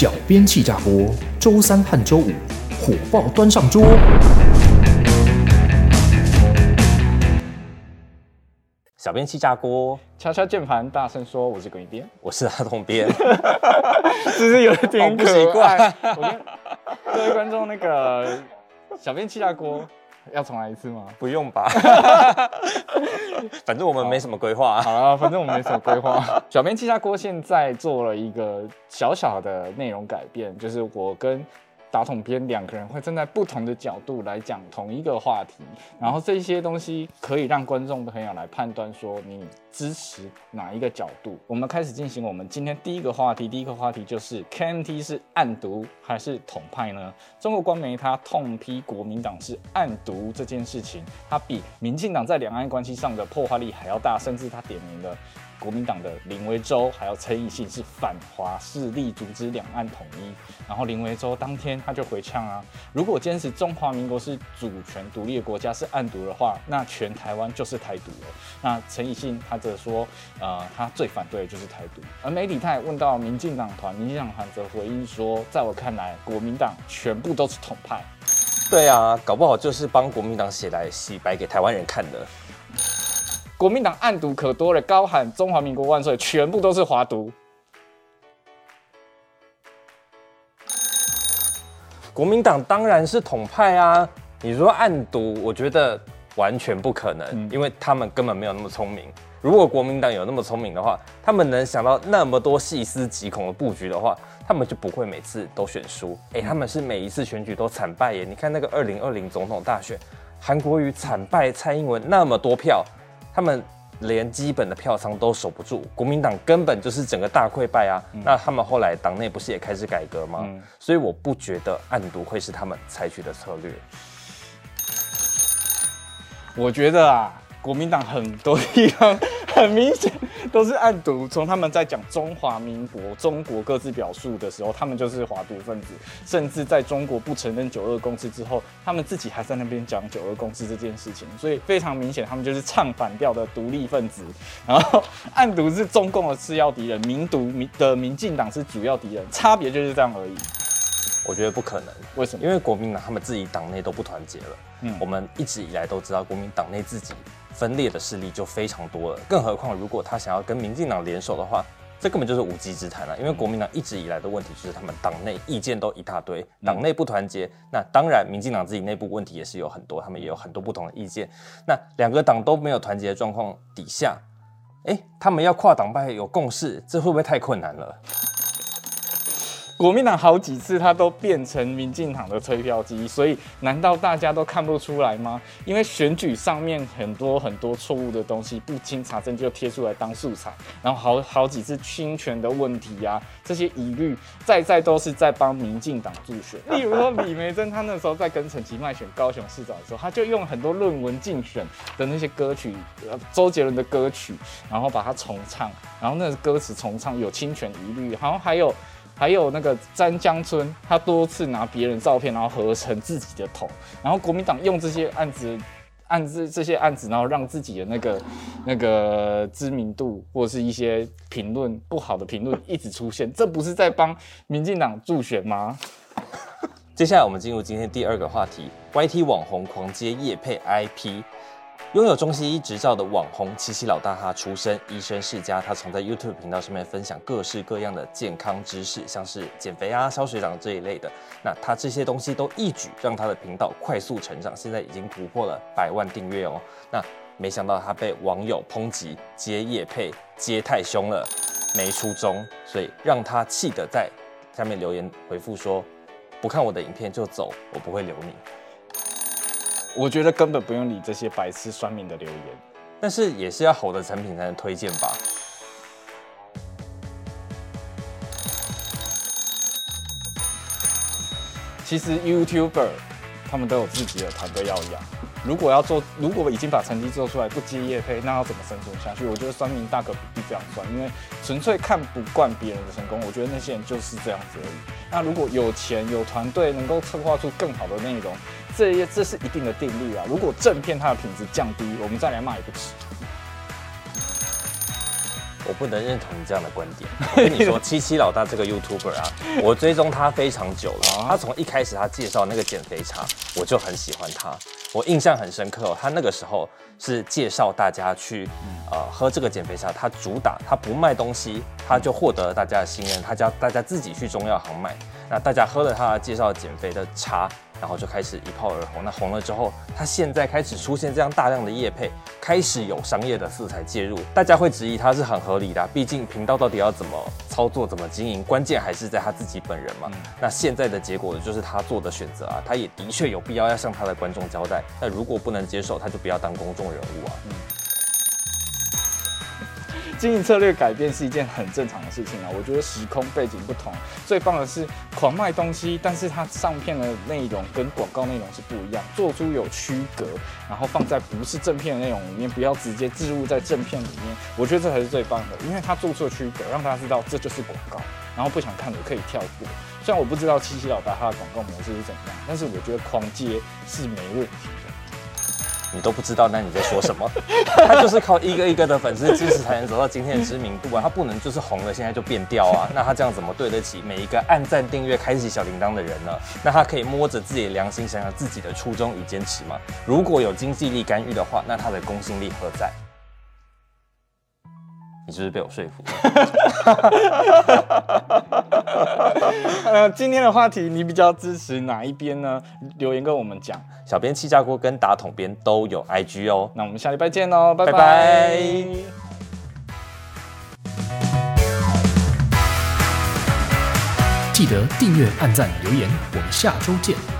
小編氣炸鍋，週三和週五火爆端上桌。小編氣炸鍋，敲敲鍵盤，大聲說：“我是滾一編，我是打統編。 ”哈哈哈哈哈，是不是有點不習慣？各位觀眾，那個小編氣炸鍋。要重來一次嗎？不用吧 反、啊啊，反正我們沒什麼規劃。好了，反正我們沒什麼規劃。小編氣炸鍋現在做了一個小小的內容改變，就是我跟。打統編兩個人會站在不同的角度來講同一個話題，然後這些東西可以讓觀眾朋友來判斷說你支持哪一個角度。我們開始進行我們今天第一個話題，第一個話題就是 KMT 是暗獨還是統派呢？中國官媒他痛批國民黨是暗獨這件事情，它比民進黨在兩岸關係上的破壞力還要大，甚至他點名了。國民黨的林為洲還有陳以信是反華勢力，阻止兩岸統一。然後林為洲當天他就回嗆啊，如果堅持中華民國是主權獨立的國家是暗獨的話，那全台灣就是台獨了。那陳以信他則說，呃，他最反對的就是台獨。而梅理泰問到民進黨團，民進黨團則回應說，在我看來，國民黨全部都是統派。對啊，搞不好就是幫國民黨寫來洗白給台灣人看的。國民黨暗獨可多了，高喊“中華民國萬歲”，全部都是華獨。國民黨當然是統派啊！你說暗獨，我覺得完全不可能，因為他們根本沒有那麼聰明。如果國民黨有那麼聰明的話，他們能想到那麼多細思極恐的布局的話，他們就不會每次都選輸。哎、欸，他們是每一次選舉都慘敗耶！你看那個二零二零總統大選，韓國瑜慘敗，蔡英文那麼多票。他們連基本的票倉都守不住，國民黨根本就是整個大潰敗啊、嗯！那他們後來黨內不是也開始改革嗎、嗯？所以我不覺得暗獨會是他們採取的策略。我覺得啊，國民黨很多地方。 很明顯都是暗獨，從他們在講中華民國、中國各自表述的時候，他們就是華獨分子。甚至在中國不承認九二共識之後，他們自己還在那邊講九二共識這件事情，所以非常明顯，他們就是唱反調的獨立分子。然後暗獨是中共的次要敵人，明獨的民進黨是主要敵人，差別就是這樣而已。我覺得不可能，為什麼？因為國民黨他們自己黨內都不團結了。嗯，我們一直以來都知道國民黨內自己分裂的勢力就非常多了，更何況如果他想要跟民進黨聯手的話，這根本就是無稽之談了啊。因為國民黨一直以來的問題就是他們黨內意見都一大堆，黨內不團結。那當然，民進黨自己內部問題也是有很多，他們也有很多不同的意見。那兩個黨都沒有團結的狀況底下，欸，他們要跨黨派有共識，這會不會太困難了？國民黨好幾次，他都變成民進黨的催票機，所以難道大家都看不出來嗎？因為選舉上面很多很多錯誤的東西，不經查證就貼出來當素材，然後好好幾次侵權的問題啊，這些疑慮在在都是在幫民進黨助選。例如說李眉蓁，他那時候在跟陳其邁選高雄市長的時候，他就用很多論文競選的那些歌曲，周杰倫的歌曲，然後把它重唱，然後那個歌詞重唱有侵權疑慮，然後還有。還有那個詹江村，他多次拿別人照片，然後合成自己的頭，然後國民黨用這些案子、案子、這些案子，然後讓自己的那個、那個知名度或者是一些評論不好的評論一直出現，這不是在幫民進黨助選嗎？接下來我們進入今天第二個話題 ：YT 網紅狂接業配 IP。擁有中西醫執照的網紅七七老大哈，出生，醫生世家，他常在 YouTube 頻道上面分享各式各樣的健康知識，像是減肥啊、消水腫這一類的。那他這些東西都一舉讓他的頻道快速成長，現在已經突破了百萬訂閱哦。那沒想到他被網友抨擊接業配，接太兇了，沒初衷，所以讓他氣得在下面留言回復說：“不看我的影片就走，我不會留你。”我覺得根本不用理這些白痴酸民的留言，但是也是要好的成品才能推薦吧。其實 YouTuber 他們都有自己的團隊要養，如果要做，如果已經把成績做出來不接業配，那要怎麼生存下去？我覺得酸民大可不必這樣酸，因為純粹看不慣別人的成功。我覺得那些人就是這樣子而已。那如果有錢有團隊，能夠策劃出更好的內容。這這是一定的定律啊！如果正片它的品質降低，我們再來罵也不遲。我不能認同你這樣的觀點。我跟你說， 七七老大這個 YouTuber 啊，我追蹤他非常久了。啊、他從一開始他介紹那個減肥茶，我就很喜歡他。我印象很深刻、哦，他那個時候是介紹大家去、嗯呃、喝這個減肥茶，他主打他不賣東西，他就獲得了大家的信任。他叫大家自己去中藥行買。那大家喝了他介紹減肥的茶。然後就開始一炮而紅，那紅了之後，他現在開始出現這樣大量的業配，開始有商業的色彩介入，大家會質疑他是很合理的，畢竟頻道到底要怎麼操作、怎麼經營，關鍵還是在他自己本人嘛。嗯、那現在的結果就是他做的選擇啊，他也的確有必要要向他的觀眾交代。那如果不能接受，他就不要當公眾人物啊。嗯經營策略改變是一件很正常的事情啊，我覺得時空背景不同，最棒的是狂賣東西，但是它上片的內容跟廣告內容是不一樣，做出有區隔，然後放在不是正片的內容裡面，不要直接置入在正片裡面，我覺得這才是最棒的，因為它做出了區隔，讓大家知道這就是廣告，然後不想看的可以跳過。雖然我不知道七七老大他的廣告模式是怎麼樣，但是我覺得狂接是沒問題的。你都不知道，那你在說什麼？他就是靠一個一個的粉絲支持才能走到今天的知名度啊！他不能就是紅了，現在就變掉啊！那他這樣怎麼對得起每一個按讚、訂閱、開啟小鈴鐺的人呢？那他可以摸着自己的良心，想想自己的初衷與堅持嗎？如果有經濟力干預的話，那他的公信力何在？你是不是被我說服了？ 呃，今天的話題你比較支持哪一邊呢？留言跟我們講。小編氣炸鍋跟打統編都有 IG 哦。那我們下禮拜見囉，拜拜。記得訂閱、按讚、留言，我們下周見。